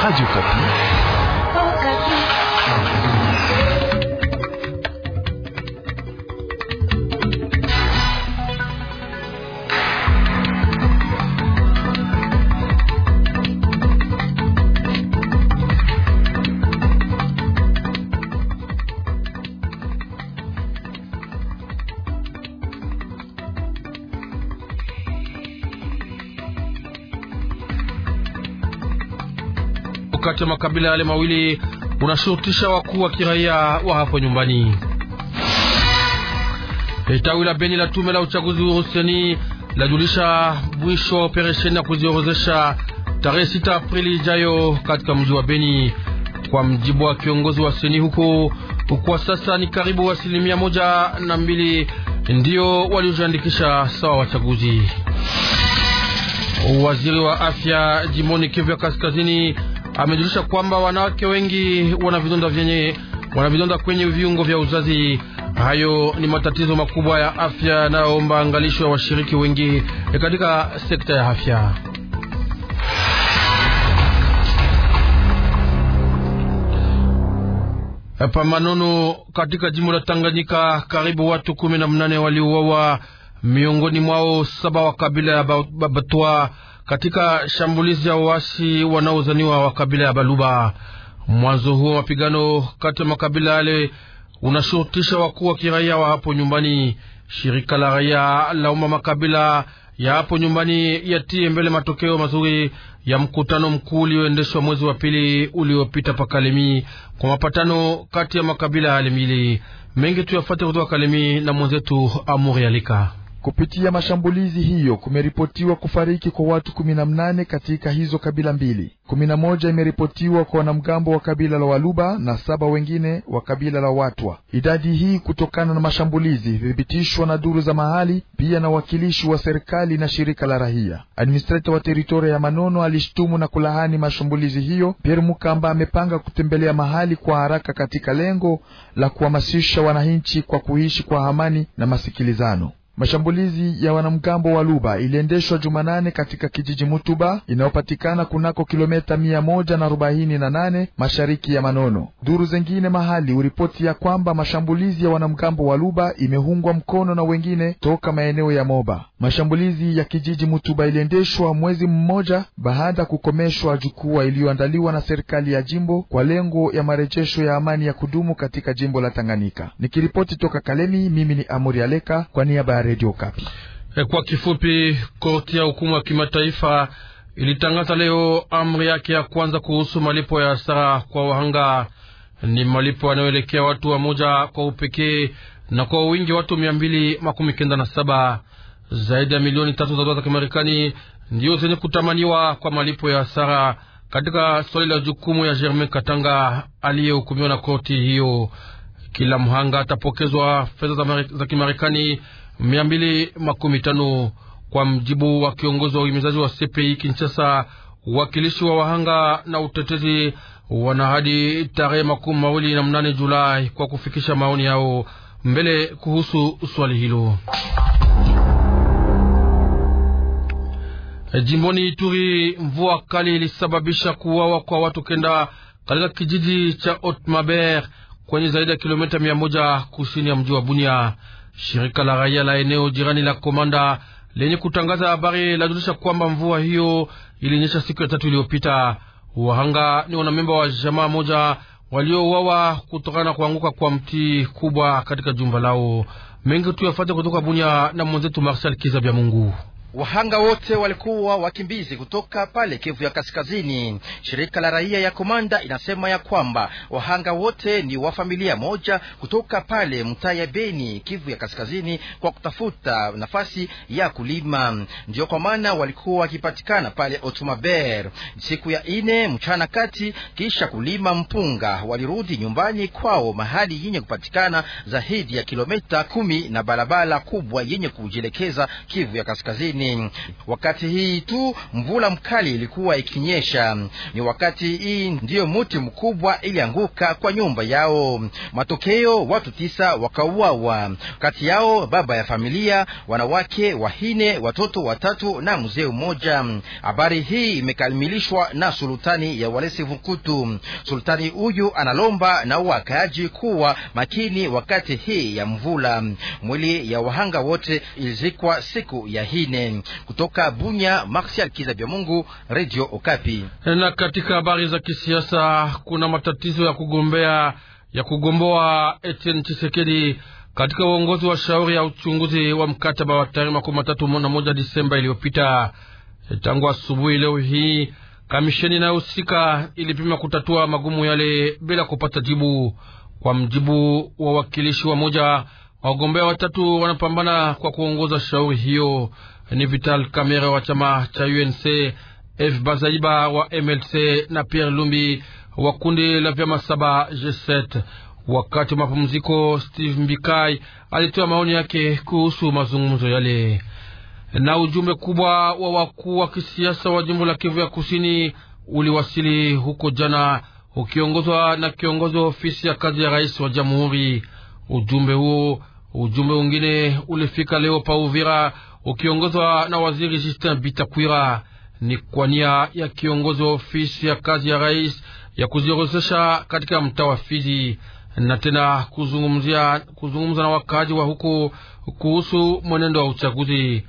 Radio Okapi. kati ya makabila yale mawili unashurutisha wakuu wa kiraia wa hapo nyumbani. E, tawi la Beni la tume la uchaguzi huru lajulisha mwisho wa operesheni ya kuziorozesha tarehe 6 Aprili ijayo katika mji wa Beni. Kwa mjibu wa kiongozi wa seni huko, kwa sasa ni karibu asilimia moja na mbili ndiyo waliojiandikisha sawa wachaguzi. Waziri wa afya jimboni Kivu ya Kaskazini amejulisha kwamba wanawake wengi wana vidonda vyenye wana vidonda kwenye viungo vya uzazi. Hayo ni matatizo makubwa ya afya yanayoomba angalisho ya washiriki wengi e, katika sekta ya afya. Hapa Manono katika jimbo la Tanganyika, karibu watu kumi na mnane waliuawa, miongoni mwao saba wa kabila ya Batwa katika shambulizi ya waasi wanaozaniwa wa kabila ya Baluba. Mwanzo huo mapigano kati ya makabila yale unashurutisha wakuu wa kiraia wa hapo nyumbani. Shirika la raia la umma makabila ya hapo nyumbani yatie mbele matokeo mazuri ya mkutano mkuu ulioendeshwa mwezi wa pili uliopita pa Kalemi kwa mapatano kati ya makabila yale mbili. Mengi tuyafuate kutoka Kalemi na mwenzetu Amuri Alika. Kupitia mashambulizi hiyo kumeripotiwa kufariki kwa watu 18 katika hizo kabila mbili. 11 imeripotiwa kwa wanamgambo wa kabila la Waluba na saba wengine wa kabila la Watwa. Idadi hii kutokana na mashambulizi thibitishwa na duru za mahali, pia na wakilishi wa serikali na shirika la rahia. Administrator wa teritoria ya Manono alishtumu na kulahani mashambulizi hiyo. Pierre Mukamba amepanga kutembelea mahali kwa haraka katika lengo la kuhamasisha wananchi kwa kuishi kwa amani na masikilizano. Mashambulizi ya wanamgambo wa Luba iliendeshwa Jumanane katika kijiji Mutuba inayopatikana kunako kilometa mia moja na arobaini na nane mashariki ya Manono. Duru zengine mahali uripoti ya kwamba mashambulizi ya wanamgambo wa Luba imehungwa mkono na wengine toka maeneo ya Moba. Mashambulizi ya kijiji Mutuba iliendeshwa mwezi mmoja baada ya kukomeshwa jukwaa iliyoandaliwa na serikali ya jimbo kwa lengo ya marejesho ya amani ya kudumu katika jimbo la Tanganyika. Nikiripoti toka Kalemi, mimi ni Amuri Aleka kwa niaba ya Radio Kapi. Eh, kwa kifupi, korti ya hukumu ya kimataifa ilitangaza leo amri yake ya kwanza kuhusu malipo ya hasara kwa wahanga. Ni malipo yanayoelekea watu wa moja kwa upekee na kwa wingi watu mia mbili makumi kenda na saba. Zaidi ya milioni tatu za dola za Kimarekani ndiyo zenye kutamaniwa kwa malipo ya hasara katika swali la jukumu ya Germain Katanga aliyehukumiwa na korti hiyo. Kila mhanga atapokezwa fedha za, za Kimarekani mia mbili makumi tano kwa mjibu wa kiongozi wa uhimizaji wa CPI Kinshasa. Wakilishi wa wahanga na utetezi wana hadi tarehe makumi mawili na mnane Julai kwa kufikisha maoni yao mbele kuhusu swali hilo. Jimboni Ituri, mvua kali ilisababisha kuwawa kwa watu kenda katika kijiji cha Otmaber kwenye zaidi ya kilomita mia moja kusini ya mji wa Bunia. Shirika la raia la eneo jirani la Komanda lenye kutangaza habari lajulisha kwamba mvua hiyo ilinyesha siku ya tatu iliyopita. Wahanga ni wanamemba wa jamaa moja waliouawa kutokana na kuanguka kwa mti kubwa katika jumba lao. Mengi tuyafate kutoka Bunya na mwenzetu Marshal Kiza vya Mungu. Wahanga wote walikuwa wakimbizi kutoka pale Kivu ya Kaskazini. Shirika la raia ya Komanda inasema ya kwamba wahanga wote ni wa familia moja kutoka pale mtaa ya Beni, Kivu ya Kaskazini, kwa kutafuta nafasi ya kulima. Ndiyo kwa maana walikuwa wakipatikana pale Otumaber siku ya ine mchana kati, kisha kulima mpunga, walirudi nyumbani kwao, mahali yenye kupatikana zaidi ya kilomita kumi na barabara kubwa yenye kujielekeza Kivu ya Kaskazini kusini. Wakati hii tu mvula mkali ilikuwa ikinyesha, ni wakati hii ndiyo muti mkubwa ilianguka kwa nyumba yao. Matokeo, watu tisa wakauawa, kati yao baba ya familia, wanawake wahine, watoto watatu na mzee mmoja. Habari hii imekamilishwa na sultani ya walesi Vukutu. Sultani huyu analomba na wakaaji kuwa makini wakati hii ya mvula. Mwili ya wahanga wote ilizikwa siku ya hine. Sudani. Kutoka Bunya, Martial Kizabya Mungu, Radio Okapi. Na katika habari za kisiasa kuna matatizo ya kugombea ya kugomboa Etienne Tshisekedi katika uongozi wa shauri ya uchunguzi wa mkataba wa tarehe makumi matatu na moja Disemba iliyopita. Tangu asubuhi leo hii kamisheni inayohusika ilipima kutatua magumu yale bila kupata jibu. Kwa mjibu wa wakilishi wa moja, wagombea watatu wanapambana kwa kuongoza shauri hiyo ni Vital Kamere wa chama cha UNC, F Bazaiba wa MLC na Pierre Lumbi wa kundi la vyama saba G7. Wakati wa mapumziko, Steve Mbikai alitoa maoni yake kuhusu mazungumzo yale na ujumbe kubwa wa wakuu wa kisiasa wa jimbo la Kivu ya Kusini uliwasili huko jana ukiongozwa na kiongozi wa ofisi ya kazi ya rais wa jamhuri. Ujumbe huo ujumbe mwingine ulifika leo pa Uvira ukiongozwa na waziri Justin Bitakwira. Ni kwa nia ya kiongozi wa ofisi ya kazi ya rais ya kuziorozesha katika mtaa wa Fizi na tena kuzungumzia kuzungumza na wakaaji wa huko kuhusu mwenendo wa uchaguzi.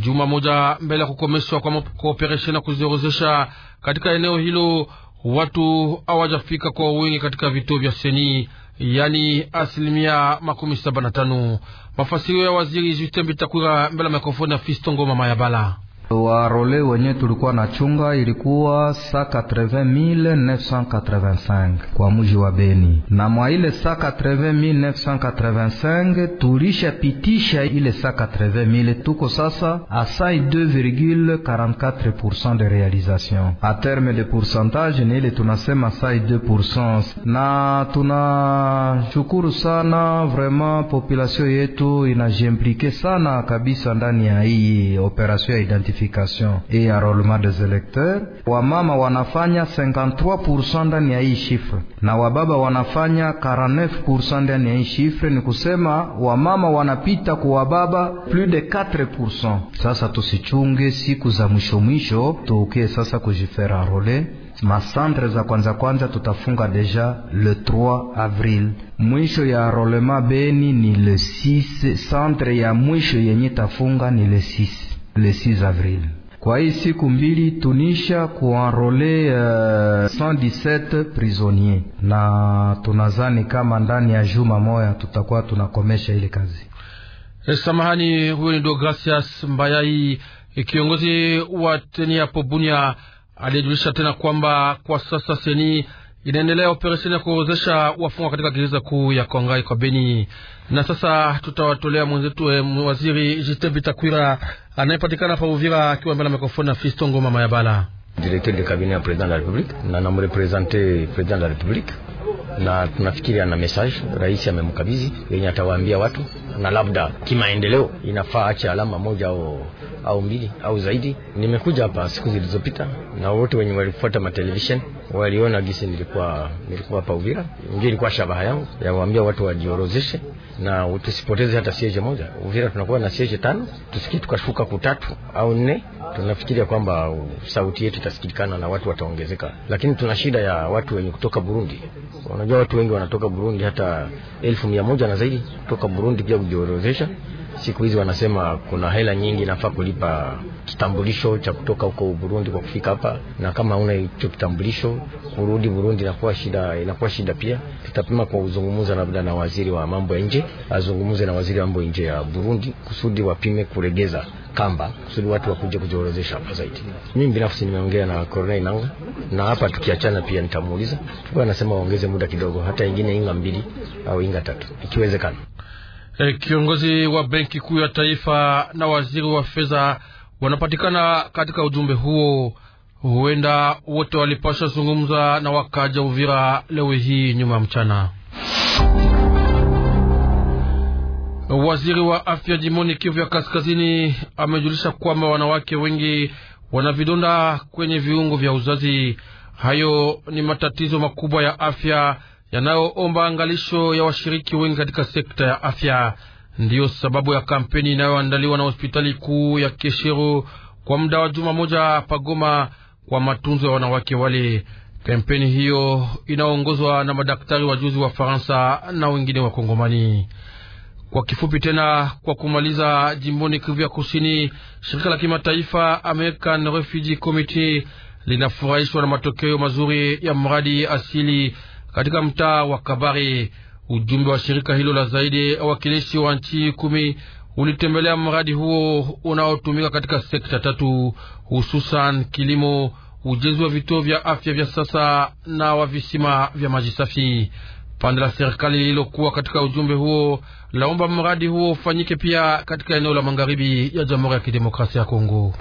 Juma moja mbele ya kukomeshwa kwa kooperesheni na kuziorozesha katika eneo hilo, watu hawajafika kwa wingi katika vituo vya seni yani asilimia makumi saba na tano. Mafasirio ya waziri Justin Bitakwira mbele ya mikrofoni ya Fistongo Mama ya Bala warole wenye tulikuwa na chunga ilikuwa sa 80985 kwa muji wa Beni, na mwa ile sa 80985 tulishapitisha ile sa 80000 tuko sasa asai 2,44% de realization a terme de pourcentage, ni ile tunasema sai 2%, na tunashukuru sana vraiment population yetu inajimplike sana kabisa ndani ya hii operation ya identification identification et enrôlement des électeurs. Wamama wanafanya 53% ndani ya hii chiffre na wababa wanafanya 49% ndani ya hii chiffre. Ni kusema wamama wanapita kwa wababa plus de 4%. Sasa tusichunge siku za mwisho mwisho, tuukie sasa kujifera enrole masantre za kwanza kwanza tutafunga deja le 3 avril. Mwisho ya rolema Beni ni le 6, centre ya mwisho yenye tafunga ni le 6 le 6 avril. Kwa hii siku mbili tunisha kuenrole uh, 117 prisonniers na tunazani kama ndani ya juma moya tutakuwa tunakomesha ile kazi. Eh, samahani, huyo ni Dogratias Mbayai, eh, kiongozi wa teni hapo Bunia, alijulisha tena kwamba kwa sasa seni inaendelea operesheni ya kuorozesha wafungwa katika gereza kuu ya Kongai kwa Beni. Na sasa tutawatolea mwenzetu eh, waziri Justin Bitakwira anayepatikana pa Uvira akiwa mbele ya mikrofoni na Fistongo mama ya Bala, directeur de cabinet ya president de la republique, na namrepresente president de la republique na tunafikiri ana message rais amemkabidhi yenye atawaambia watu, na labda kimaendeleo inafaa ache alama moja au, au mbili au zaidi. Nimekuja hapa siku zilizopita, na wote wenye walifuata matelevisheni waliona gisi nilikuwa nilikuwa hapa Uvira, ndio ilikuwa shabaha yangu ya kuambia watu wajiorozeshe na tusipoteze hata sieje moja. Uvira tunakuwa na sieje tano, tusikie tukashuka kutatu au nne tunafikiria kwamba sauti yetu itasikilikana na watu wataongezeka, lakini tuna shida ya watu wenye kutoka Burundi. Unajua watu wengi wanatoka Burundi, hata elfu mia moja na zaidi kutoka Burundi pia kujiorozesha siku hizi wanasema kuna hela nyingi nafaa kulipa kitambulisho cha kutoka huko Burundi kwa kufika hapa, na kama una hicho kitambulisho kurudi Burundi inakuwa shida, inakuwa shida. Pia tutapima kwa kuzungumza labda na waziri wa mambo ya nje azungumze na waziri wa mambo ya nje ya Burundi kusudi wapime kuregeza kamba kusudi watu wakuje kujiorozesha hapa zaidi. Mimi binafsi nimeongea na Corneille Nanga, na hapa tukiachana pia nitamuuliza, tukiwa anasema waongeze muda kidogo, hata ingine inga mbili au inga tatu ikiwezekana. Eh, kiongozi wa benki kuu ya taifa na waziri wa fedha wanapatikana katika ujumbe huo. Huenda wote walipasha zungumza na wakaja Uvira leo hii nyuma ya mchana. Waziri wa afya jimoni Kivu ya kaskazini amejulisha kwamba wanawake wengi wana vidonda kwenye viungo vya uzazi. Hayo ni matatizo makubwa ya afya yanayoomba angalisho ya washiriki wengi katika sekta ya afya. Ndiyo sababu ya kampeni inayoandaliwa na hospitali kuu ya Keshero kwa muda wa juma moja pagoma kwa matunzo ya wanawake wale. Kampeni hiyo inaongozwa na madaktari wajuzi wa Faransa na wengine wa Kongomani. Kwa kifupi tena, kwa kumaliza, jimboni Kivu ya Kusini, shirika la kimataifa American Refugee Committee linafurahishwa na matokeo mazuri ya mradi asili katika mtaa wa Kabare. Ujumbe wa shirika hilo la zaidi wakilishi wa nchi kumi ulitembelea mradi huo unaotumika katika sekta tatu, hususan kilimo, ujenzi wa vituo vya afya vya sasa na wa visima vya maji safi. Pande la serikali lililokuwa katika ujumbe huo laomba mradi huo ufanyike pia katika eneo la magharibi ya Jamhuri ya Kidemokrasia ya Kongo.